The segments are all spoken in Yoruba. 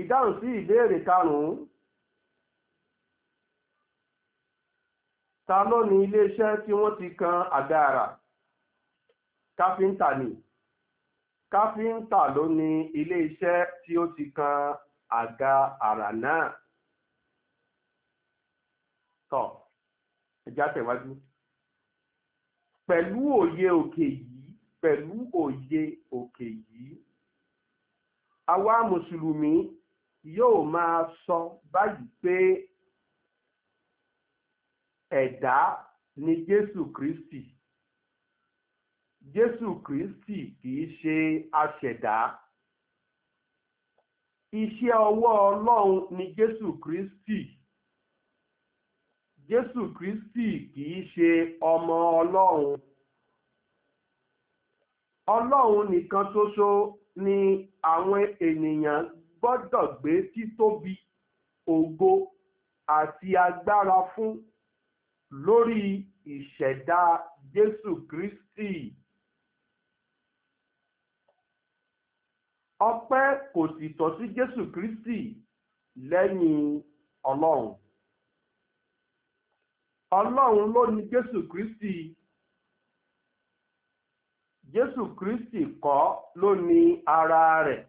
ìdáhùn sí ìbéèrè karùn-ún ta ló ní iléeṣẹ́ tí wọ́n ti kan àga àrà káfíńtà ni káfíńtà ló ní iléeṣẹ́ tí ó ti kan àga àrà náà tọ́ ẹjá tẹ̀wájú pẹ̀lú òye òkè yìí pẹ̀lú òye òkè yìí àwa mùsùlùmí yóò máa sọ báyìí pé ẹ̀dá ni Jésù Kristi Jésù Kristi kìí ṣe aṣẹ̀dá iṣẹ́ ọwọ́ Ọlọ́run ni Jésù Kristi Jésù Kristi kìí ṣe ọmọ Ọlọ́run Ọlọ́run nìkan ṣoṣo ni àwọn ènìyàn gbọ́dọ̀ gbé títóbi ògo àti agbára fún lórí ìṣẹ̀dá Jésù Kristi. Ọpẹ́ kò sì tọ́ sí Jésù Kristi lẹ́yìn Ọlọ́run. Ọlọ́run ló ní Jésù Kristi. Jésù Kristi kọ́ ló ní ara rẹ̀.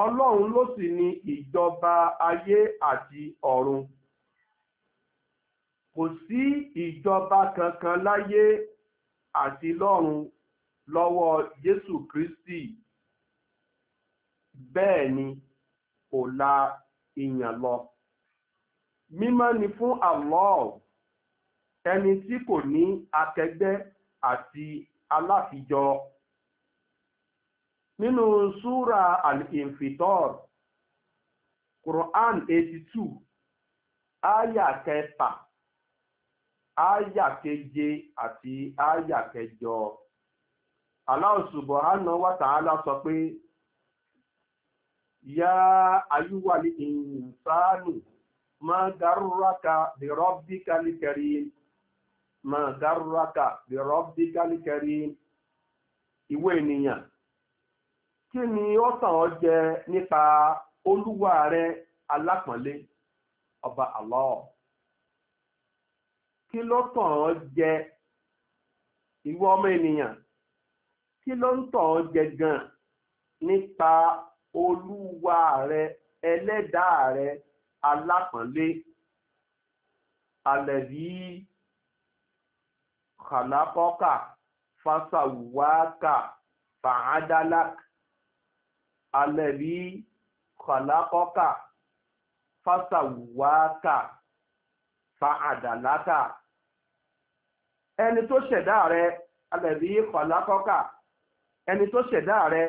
ọlọ́run ló sì ní ìjọba ayé àti ọ̀run kò sí ìjọba kankan láyé àti lọ́run lọ́wọ́ Jésù Kristi bẹ́ẹ̀ ni kò la ìyàn lọ mímọ́ ni fún Allah ẹni tí kò ní akẹgbẹ́ àti aláfijọ́ nínú súra al-infitor quran 82 two aya kẹfà aya keje àti aya kẹjọ Allah subhanahu wa ta'ala sọ pé ya ayúwàlì ìnsánù ma garraka bi rabbika al-karim ma garraka bi rabbika al-karim ìwé ènìyàn kí ni ó tàn ọ́ jẹ nípa olúwa rẹ alápọ̀nlé ọba Allah kí ló tàn ọ́ jẹ ìwọ ọmọ ènìyàn kí ló ń tàn ọ́ jẹ gan nípa olúwa rẹ ẹlẹ́dàá rẹ alápọ̀nlé alẹ́bí kàlákọ́kà fásawùwákà fàádálàkà. alẹ́bí kọ̀lákọ́kà fásàwákà fa ẹni tó ṣẹ̀dá rẹ alẹ́bí kọ̀lákọ́kà ẹni tó ṣẹ̀dá rẹ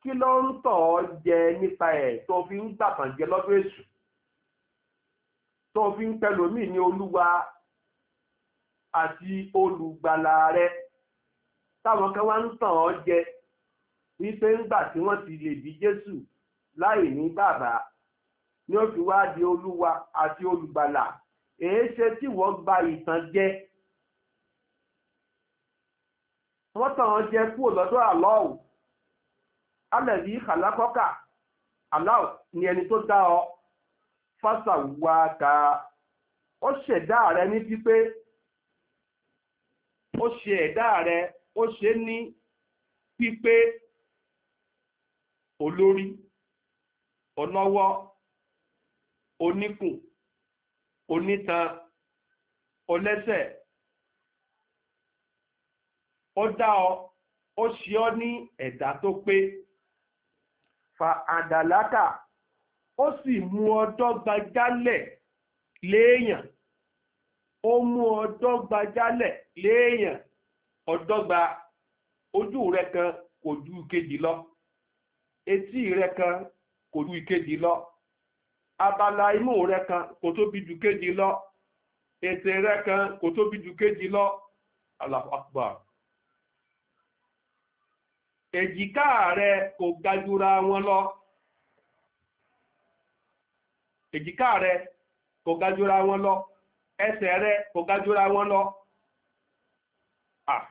kí ló ń tọ̀ ọ́ jẹ nípa ẹ̀ tó fi ń gbàkànjẹ lọ́dún èṣù tó fi ń pẹlòmíì ní olúwa àti olùgbàlà rẹ táwọn kan wá ń tàn jẹ wípé ńgbà tí wọ́n ti lè bí Jésù láì ní bàbá ni ó fi wá di olúwa àti olùgbàlà èé ṣe tí wọ́n gba ìtàn jẹ wọ́n tàn án jẹ kúrò lọ́dọ̀ àlọ́ọ̀ alẹ́bí kàlákọ́kà aláọ̀ ni ẹni tó dá ọ fásàwáka ó ṣẹ̀dá rẹ ní pípé ó ṣe ẹ̀dá rẹ ó ṣe ní pípé olórí ọlọ́wọ́ oníkùn onítan ọlẹ́sẹ̀ ó dá ọ ó ṣe ọ ní ẹ̀dá tó pé fa àdàlákà ó sì mú ọ dọ́gba jálẹ̀ léèyàn ó mú ọ dọ́gba jálẹ̀ léèyàn ọdọ́gba ojú rẹ kan kò ju kejì lọ etí rẹ kan kò ju ìkejì lọ abala imú rẹ kan kò tóbi ju kejì lọ ètè rẹ kan kò tóbi ju kejì lọ Allahu Akbar èjìká rẹ kò gajura wọn lọ èjìká rẹ kò gajura wọn lọ ẹsẹ̀ rẹ kò gajura wọn lọ ah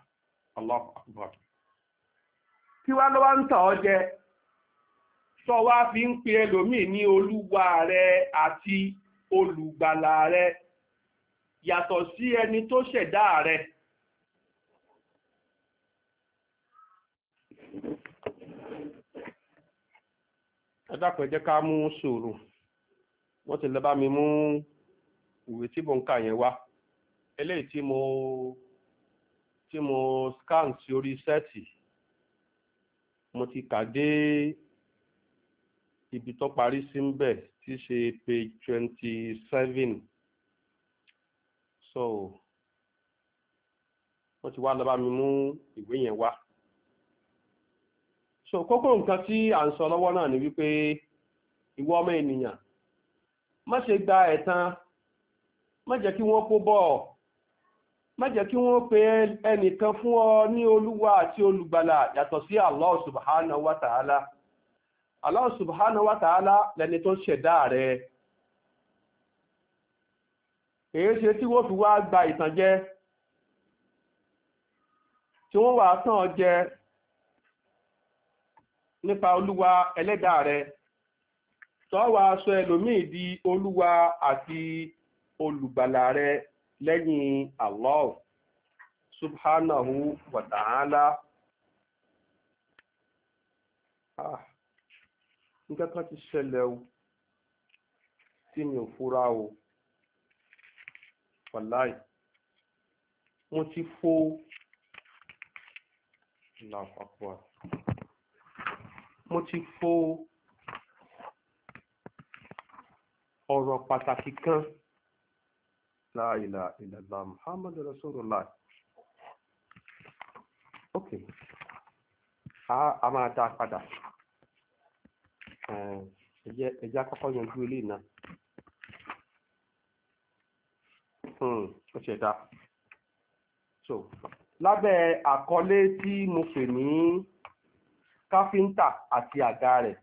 Allahu Akbar kí wá ló wá ń jẹ tó wá fi ń pe ẹlòmíì ní olúwa rẹ àti olùgbàlà rẹ yàtọ̀ sí ẹni tó ṣẹ̀dá rẹ. ẹ dákun jẹ́ ká mú sùúrù wọ́n ti lọ bá mi mú ìwé tí mo ń yẹn wá eléyìí tí mo scan sí orí sẹ́ẹ̀tì mo ti kà dé ibi tó parí sí ń bẹ̀ tí ṣe page twenty seven so wọ́n ti wá lọ bá mi mú ìwé yẹn wá so kókó nǹkan tí à ń sọ lọ́wọ́ náà ni wípé ìwọ ọmọ ènìyàn má ṣe gba ẹ̀tàn má jẹ́ kí wọ́n kó bọ̀ má jẹ́ kí wọ́n pe ẹnìkan fún ọ ní olúwa àti olùgbàlà yàtọ̀ sí Allah subhanahu wa ta'ala. Allah subhanahu wa ta'ala lẹni tó ṣẹ̀dá rẹ̀ èyí ṣe tí wọ́n fi wá gba ìtànjẹ tí wọ́n wà tán ọ jẹ nípa olúwa ẹlẹ́dà rẹ̀ tó wa sọ ẹlòmíì di olúwa àti olùgbàlà rẹ̀ lẹ́yìn Allah subhanahu wa ta'ala. Ah. nǹkan kan ti ṣẹlẹ̀ o tí mi ò fura o wàláì mo ti fo làpapọ̀ mo ti fo ọ̀rọ̀ pàtàkì kan láìlà ìlàlá Muhammad Rasulullah ok a máa dá padà ẹjẹ́ àkọ́kọ́ yanjú ilé náà hmm, ó ṣe dá so lábẹ́ àkọlé tí mo pè ní káfíńtà àti àga rẹ̀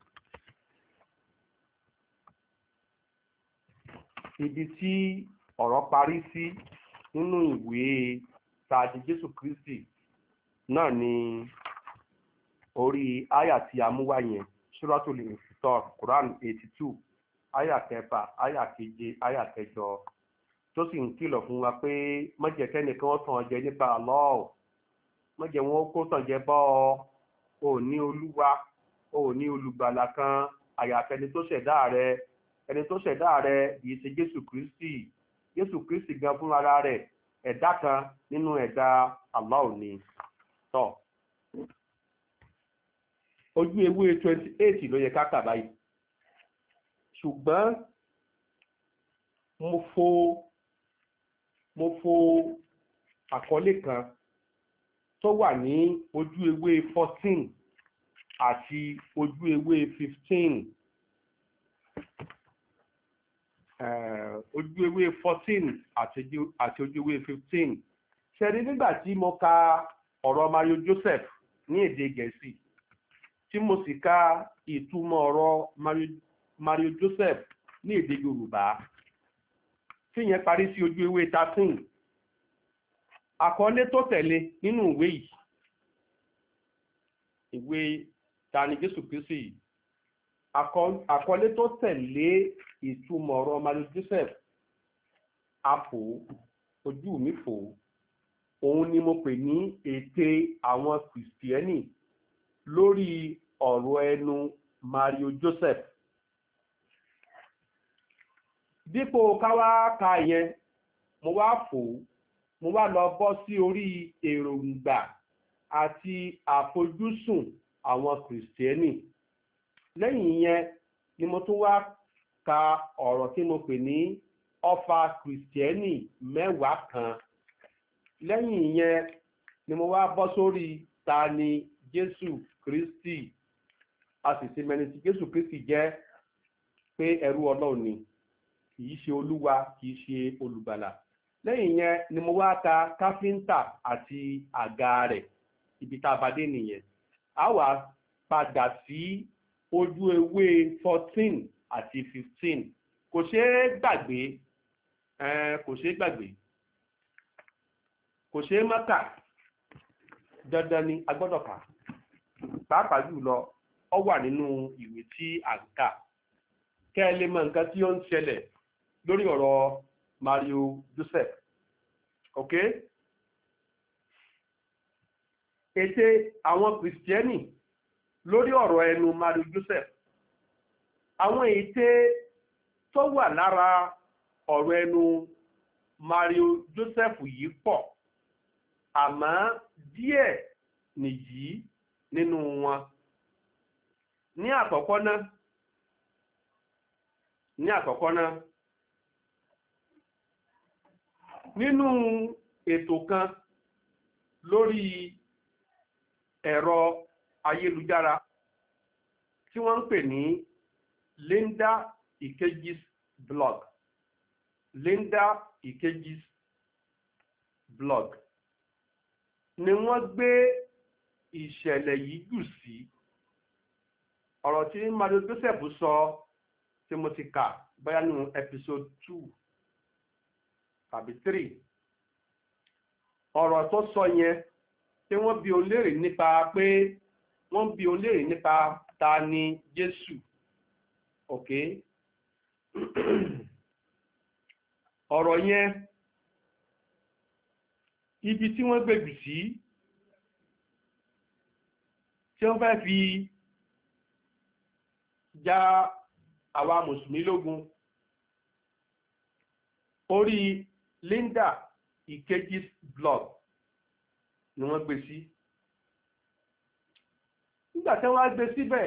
ibi tí ọ̀rọ̀ parí sí nínú ìwé tàdí Jésù Kristi náà ni orí àyà tí a mú wá yẹn Suratul Inf sọ Quran eighty two aya kẹfà aya keje aya kẹjọ tó sì ń kìlọ̀ fún wa pé mọ̀jẹ̀kẹ́ nìkan ó tàn jẹ nípa àlọ́ ò wọn ó kó tàn jẹ bọ́ ọ ò ní olúwa ò ní kan àyàfẹ́ tó ṣẹ̀dá Jésù Kristi Jésù Kristi gan fúnra rẹ̀ nínú ẹ̀dá tọ́. So, ojú ewé 28, eight ló yẹ ká kà báyìí ṣùgbọ́n mo fo mo fo àkọlé kan tó wà ní ojú ewé fourteen àti ojú ewé fifteen ojú ewé fourteen àti ojú ewé fifteen ṣe ni nígbà tí mo ka ọ̀rọ̀ Mario Joseph ní èdè Gẹ̀ẹ́sì tí mo sì ka ìtumọ̀ ọ̀rọ̀ Mario Joseph ní èdè Yorùbá tí yẹn parí sí ojú ewé 13 àkọlé tó tẹ̀lé nínú ìwé yìí ìwé tani Jésù Kristi àkọlé tó tẹ̀lé ìtumọ̀ ọ̀rọ̀ Mario Joseph apò ojú mi fò òun ni mo pè ní ète àwọn Kìrìsìtẹ́nì lórí ọ̀rọ̀ ẹnu Mario Joseph dípò káwá ka yẹn mo wá fò mo wá lọ bọ́ sí orí èròǹgbà àti àfojúsùn àwọn kìrìsìtẹ́nì lẹ́yìn yẹn ni mo tún wá ka ọ̀rọ̀ tí mo pè ní ọfà kìrìsìtẹ́nì mẹ́wàá kan lẹ́yìn yẹn ni mo wá bọ́ sórí ta ni Jésù Kristi a sì ti mẹni tí Jésù Kristi jẹ́ pé ẹrú Ọlọ́run ni kìí ṣe olúwa kìí ṣe olùgbàlà lẹ́yìn yẹn ni mo wá ka káfíńtà àti àga rẹ̀ ibi tá a bá dé nìyẹn a wà padà sí ojú ewé fourteen àti fifteen kò ṣeé gbàgbé kò ṣeé gbàgbé kò ṣeé má kà dandan ni a gbọ́dọ̀ kà á pàápàá jùlọ ọ wà nínú ìwé tí a ń kà kẹ́ ẹ lè mọ nǹkan tí ó ń ṣẹlẹ̀ lórí ọ̀rọ̀ Mario Joseph ok ète àwọn kìrìsìtẹ́nì lórí ọ̀rọ̀ ẹnu Mario Joseph àwọn ète tó wà lára ọ̀rọ̀ ẹnu Mario Joseph yìí pọ̀ àmọ́ díẹ̀ nìyí nínú wọn ní àkọ́kọ́ náà ní àkọ́kọ́ náà nínú ètò kan lórí ẹ̀rọ ayélujára tí wọ́n ń pè ní Linda Ikeji's blog Linda Ikeji's blog ni wọ́n gbé ìṣẹ̀lẹ̀ yìí jù sí ọ̀rọ̀ tí mario joseph sọ tí mo ti kà bóyá nínú episode two tàbí three ọ̀rọ̀ tó sọ yẹn tí wọ́n bi òun léèrè nípa pé wọ́n bi òun léèrè nípa ta ni jésù ok ọ̀rọ̀ yẹn ibi tí wọ́n gbègbè sí. Si, tí wọ́n fẹ́ fi já àwa mùsùlùmí lógun orí Linda Ikeji's blog ni wọ́n gbé sí nígbà tí wọ́n á gbé síbẹ̀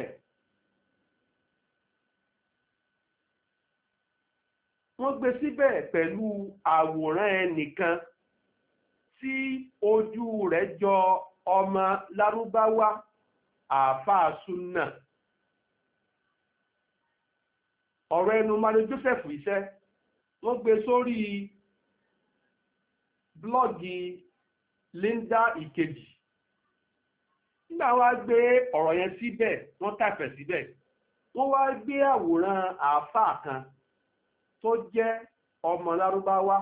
wọ́n gbé síbẹ̀ pẹ̀lú àwòrán ẹnìkan tí ojú rẹ̀ jọ ọmọ lárúbáwá àáfàá súnà ọ̀rọ̀ ẹnu Mario Joseph iṣẹ́ wọ́n gbé sórí blọ́ọ̀gì Linda Ìkejì nígbà wá gbé ọ̀rọ̀ yẹn síbẹ̀ wọ́n tàfẹ̀ síbẹ̀ wọ́n wá gbé àwòrán àáfàá kan tó jẹ́ ọmọ lárúbáwá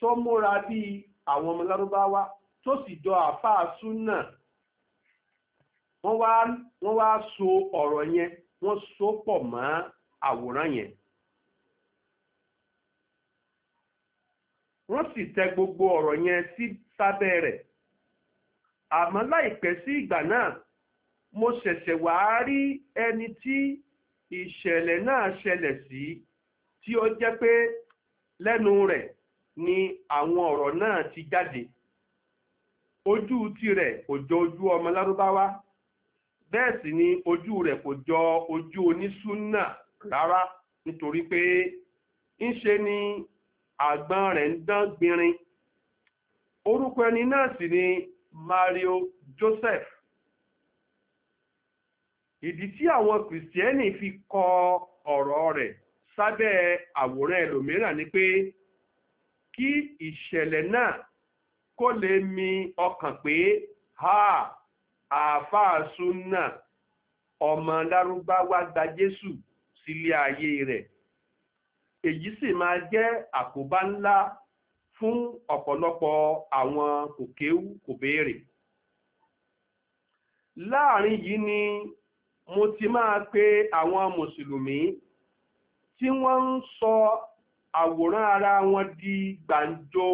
tó múra bíi àwọn ọmọ lárúbáwá tó sì jọ àáfàá súnà wọ́n wá wọ́n wá so ọ̀rọ̀ yẹn wọ́n so pọ̀ mọ́ àwòrán yẹn wọ́n sì tẹ gbogbo ọ̀rọ̀ yẹn sí sábẹ́ rẹ̀ àmọ́ láìpẹ́ sí ìgbà náà mo ṣẹ̀ṣẹ̀ wá rí ẹni tí ìṣẹ̀lẹ̀ náà ṣẹlẹ̀ sí tí ó jẹ́ pé lẹ́nu rẹ̀ ni àwọn ọ̀rọ̀ náà ti jáde ojú tirẹ̀ òjò ojú ọmọ lárúbáwá bẹ́ẹ̀ sì ni ojú rẹ̀ kò jọ ojú onísúnà rárá nítorí pé ńṣe ni àgbọn rẹ̀ ń dán gbinrin orúkọ ẹni náà sì ni Mario Joseph ìdí tí àwọn kìrìsìtẹ́nì fi kọ ọ̀rọ̀ rẹ̀ sábẹ́ àwòrán ẹlòmíràn ni pé kí ìṣẹ̀lẹ̀ náà kó lè mi ọkàn pé àáfàá súnà ọmọ lárúbáwá gba jésù sílé ayé rẹ̀ èyí sì máa jẹ́ àkóbá ńlá fún ọ̀pọ̀lọpọ̀ àwọn kòkéwú kò béèrè láàrin yìí ni mo ti máa pe àwọn mùsùlùmí tí wọ́n ń sọ àwòrán ara wọn di gbàǹjo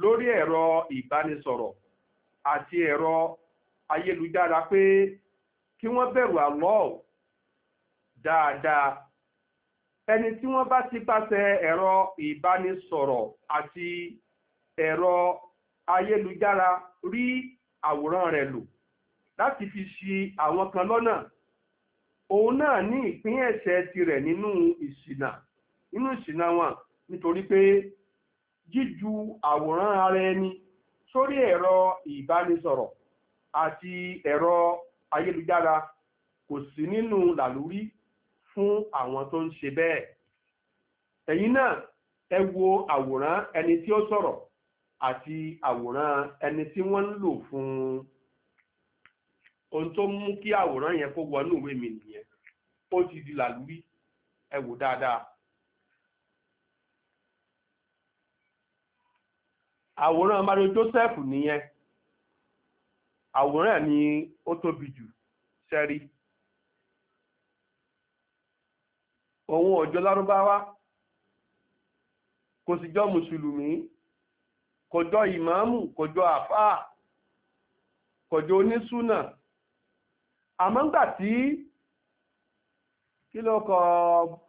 lórí ẹ̀rọ ìbánisọ̀rọ̀ àti ẹ̀rọ ayélujára pé kí wọ́n bẹ̀rù Allah dáadáa ẹni tí wọ́n bá ti pàṣẹ ẹ̀rọ ìbánisọ̀rọ̀ àti ẹ̀rọ ayélujára rí àwòrán rẹ̀ lò láti fi ṣi àwọn kan lọ́nà òun náà ní ìpín ẹ̀ṣẹ̀ tirẹ̀ nínú ìṣìnà nínú ìṣìnà wọn nítorí pé jíju àwòrán ara ẹni sórí ẹ̀rọ ìbánisọ̀rọ̀ àti ẹ̀rọ ayélujára kò sí nínú làlúrí fún àwọn tó ń ṣe bẹ́ẹ̀ ẹ̀yin náà ẹ wo àwòrán ẹni tí ó sọ̀rọ̀ àti àwòrán ẹni tí wọ́n ń lò fún un ohun tó mú kí àwòrán yẹn kó wọnú ìwé mi nìyẹn ó ti di làlúrí ẹ wò dáadáa àwòrán Mario Joseph nìyẹn àwòrán ni ó tóbi jù sẹ́rí òun ọ̀jọ́ lárúbáwá kò sì jọ mùsùlùmí kò jọ ìmáàmù kò jọ àfáà kò jọ onísúnà àmọ́ ńgbà tí kí ló kọ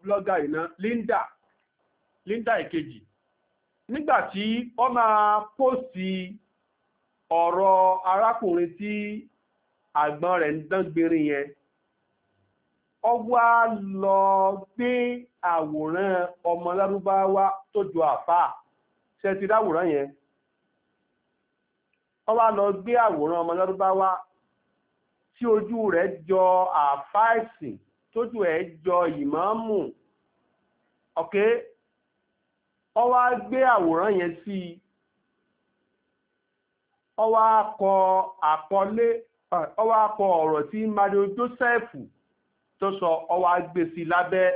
blọ́gà iná Linda Linda ìkejì nígbà tí ó máa pósì ọ̀rọ̀ arákùnrin tí àgbọn rẹ̀ ń dángbèrè yẹn ọ lọ gbé àwòrán ọmọ lárúbáwá tó jọ àfáà ṣe ti dáwòrán yẹn ọ wá lọ gbé àwòrán ọmọ lárúbáwá tí ojú rẹ̀ jọ àfáà ẹ̀sìn tójú ẹ̀ jọ ìmáàmù ọ̀kẹ́ ọ wá gbé àwòrán yẹn sí i ọwọ́ akọ ọ̀rọ̀ tí Mario Joseph tó sọ ọwọ́ agbèsì lábẹ́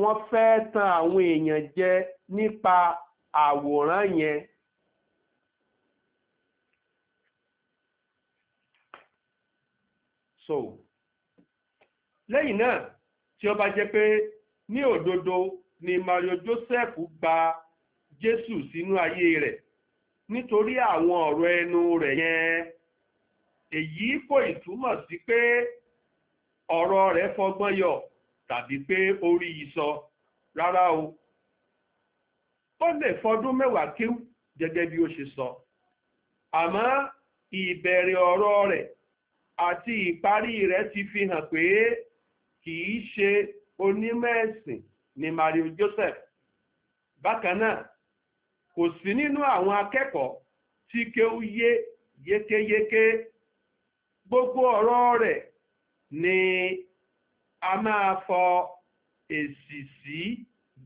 wọ́n fẹ́ tan àwọn èèyàn jẹ nípa àwòrán yẹn so lẹ́yìn náà tí ó bá pé ní òdodo ni Mario Joseph gba Jésù sínú ayé rẹ̀ nítorí àwọn ọ̀rọ̀ ẹnu rẹ̀ yẹn èyí kò ìtúmọ̀ sí pé ọ̀rọ̀ rẹ̀ fọgbọ́n yọ tàbí pé ó rí ìsọ rárá o ó lè fọdún mẹ́wàá kíw gẹ́gẹ́ bí ó ṣe sọ àmọ́ ìbẹ̀rẹ̀ ọ̀rọ̀ rẹ̀ àti ìparí rẹ̀ ti fi hàn pé kì í ṣe onímọ̀ ẹ̀sìn ni Mario Joseph bákan náà kò sí nínú àwọn akẹ́kọ̀ọ́ tí kéú yé yékéyéké gbogbo ọ̀rọ̀ rẹ̀ ni a máa fọ èsì sí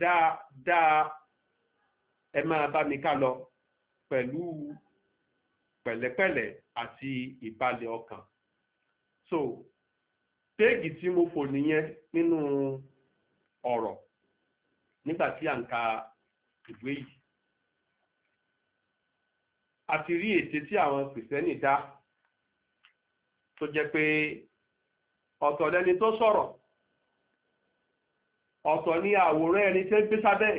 dáadáa ẹ máa bá mi ká lọ pẹ̀lú pẹ̀lẹ́pẹ̀lẹ́ àti ìbàlẹ̀ ọkàn so péègì tí mo fò nìyẹn nínú ọ̀rọ̀ nígbà tí à ń ka ìwé yìí àti rí ète tí àwọn kìrìsìtẹ́nì dá tó jẹ́ pé ọ̀tọ̀ lẹni tó sọ̀rọ̀ ọ̀tọ̀ ni àwòrán ẹni tí ń gbé sábẹ́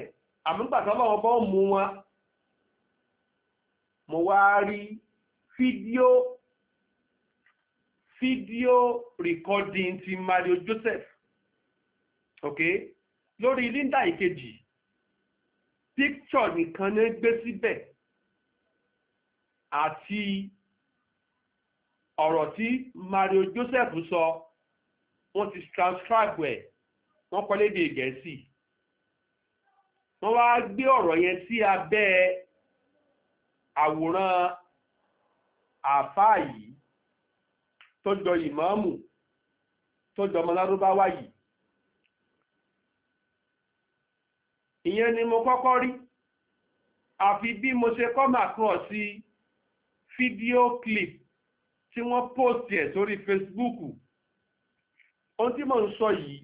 àmúgbàtọ́lọ́wọ́ bọ́ mú wọn mo wá rí fídíò fídíò recording ti Mario Joseph ok lórí Linda Ìkejì picture nìkan ní gbé síbẹ̀ àti ọ̀rọ̀ tí Mario Joseph sọ wọ́n ti transcribe ẹ̀ wọ́n kọ́ lédè Gẹ̀ẹ́sì wọ́n wá gbé ọ̀rọ̀ yẹn sí abẹ́ àwòrán àfáà yìí tó jọ ìmáàmù tó jọ ọmọ yìí ìyẹn ni mo kọ́kọ́ rí àfi bí mo ṣe come across sí i fídíò clip tí wọ́n post ẹ̀ sórí Facebook ohun tí mò ń sọ yìí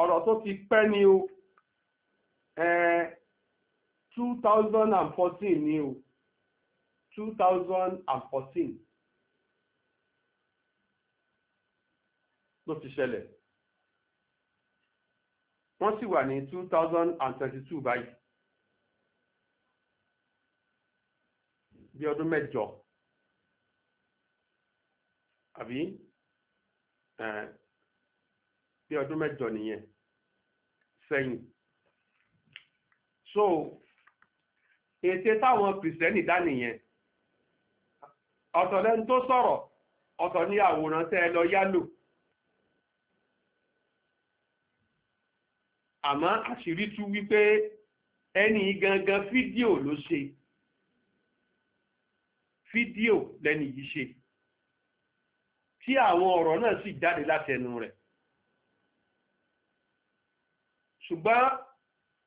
ọ̀rọ̀ tó ti pẹ́ ni o ẹ̀ẹ́ 2014 ni o 2014 ló ti ṣẹlẹ̀ wọ́n sì wà ní 2022 báyìí bí ọdún mẹ́jọ àbí bí ọdún mẹ́jọ nìyẹn sẹ́yìn so ète táwọn kìrìsìtẹ́nì dá nìyẹn ọ̀tọ̀ lẹ́nu tó sọ̀rọ̀ ọ̀tọ̀ ní àwòrán tẹ́ ẹ lọ yálò àmọ́ àṣírí tú wípé ẹni gangan fídíò ló ṣe fídíò lẹ́ni yìí ṣe tí àwọn ọ̀rọ̀ náà sì jáde láti ẹnu rẹ̀ ṣùgbọ́n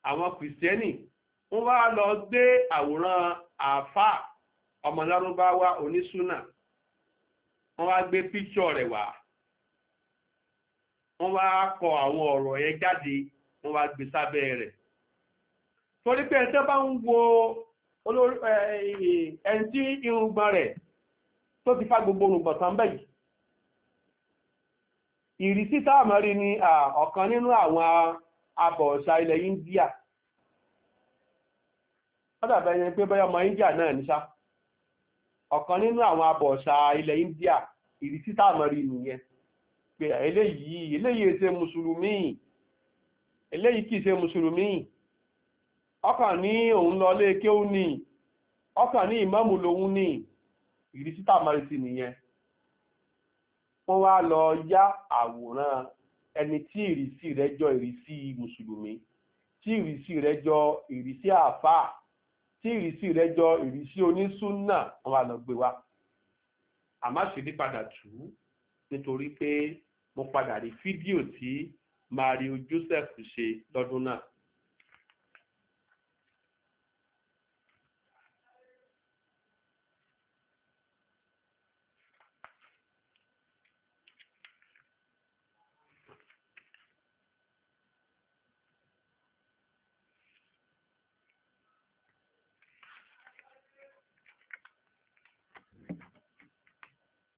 àwọn kìrìsìtẹ́nì wọ́n wá lọ gbé àwòrán àáfàá ọmọ lárúbáwá onísúnà wọ́n wá gbé píṣọ̀ rẹ̀ wá wọ́n wá kọ àwọn ọ̀rọ̀ yẹn jáde wọ́n wá gbé sábẹ́ rẹ̀ torí pé ẹ̀tẹ́ bá ń wo ẹni tí irùngbọ̀n rẹ̀ tó ti fa gbogbo orùngbọ̀n tán Iri ìrísí táàmọ́rí ni ọ̀kan nínú àwọn abọ̀ọ̀ṣà ilẹ̀ India ọ́dàbẹ̀ pé baya ọmọ India náà níṣá ọ̀kan nínú àwọn abọ̀ọ̀ṣà ilẹ̀ India ìrísí táàmọ́rí nìyẹn pé eléyìí eléyìí kìí ṣe mùsùlùmí ọkà ní òun lọlé kéhùn ní ọkà ní ìmáàmù lòun ní ìrísí tàmárìsì nìyẹn wọ́n wá lọ yá àwòrán ẹni tí ìrísí rẹ̀ jọ ìrísí mùsùlùmí tí ìrísí rẹ̀ jọ ìrísí àfáà tí ìrísí rẹ̀ jọ ìrísí onísúnnà wọ́n wá lọ gbé wá àmá ṣèdí padà tù ú nítorí pé mo padà rí fídíò tí Mario Joseph ṣe lọ́dún náà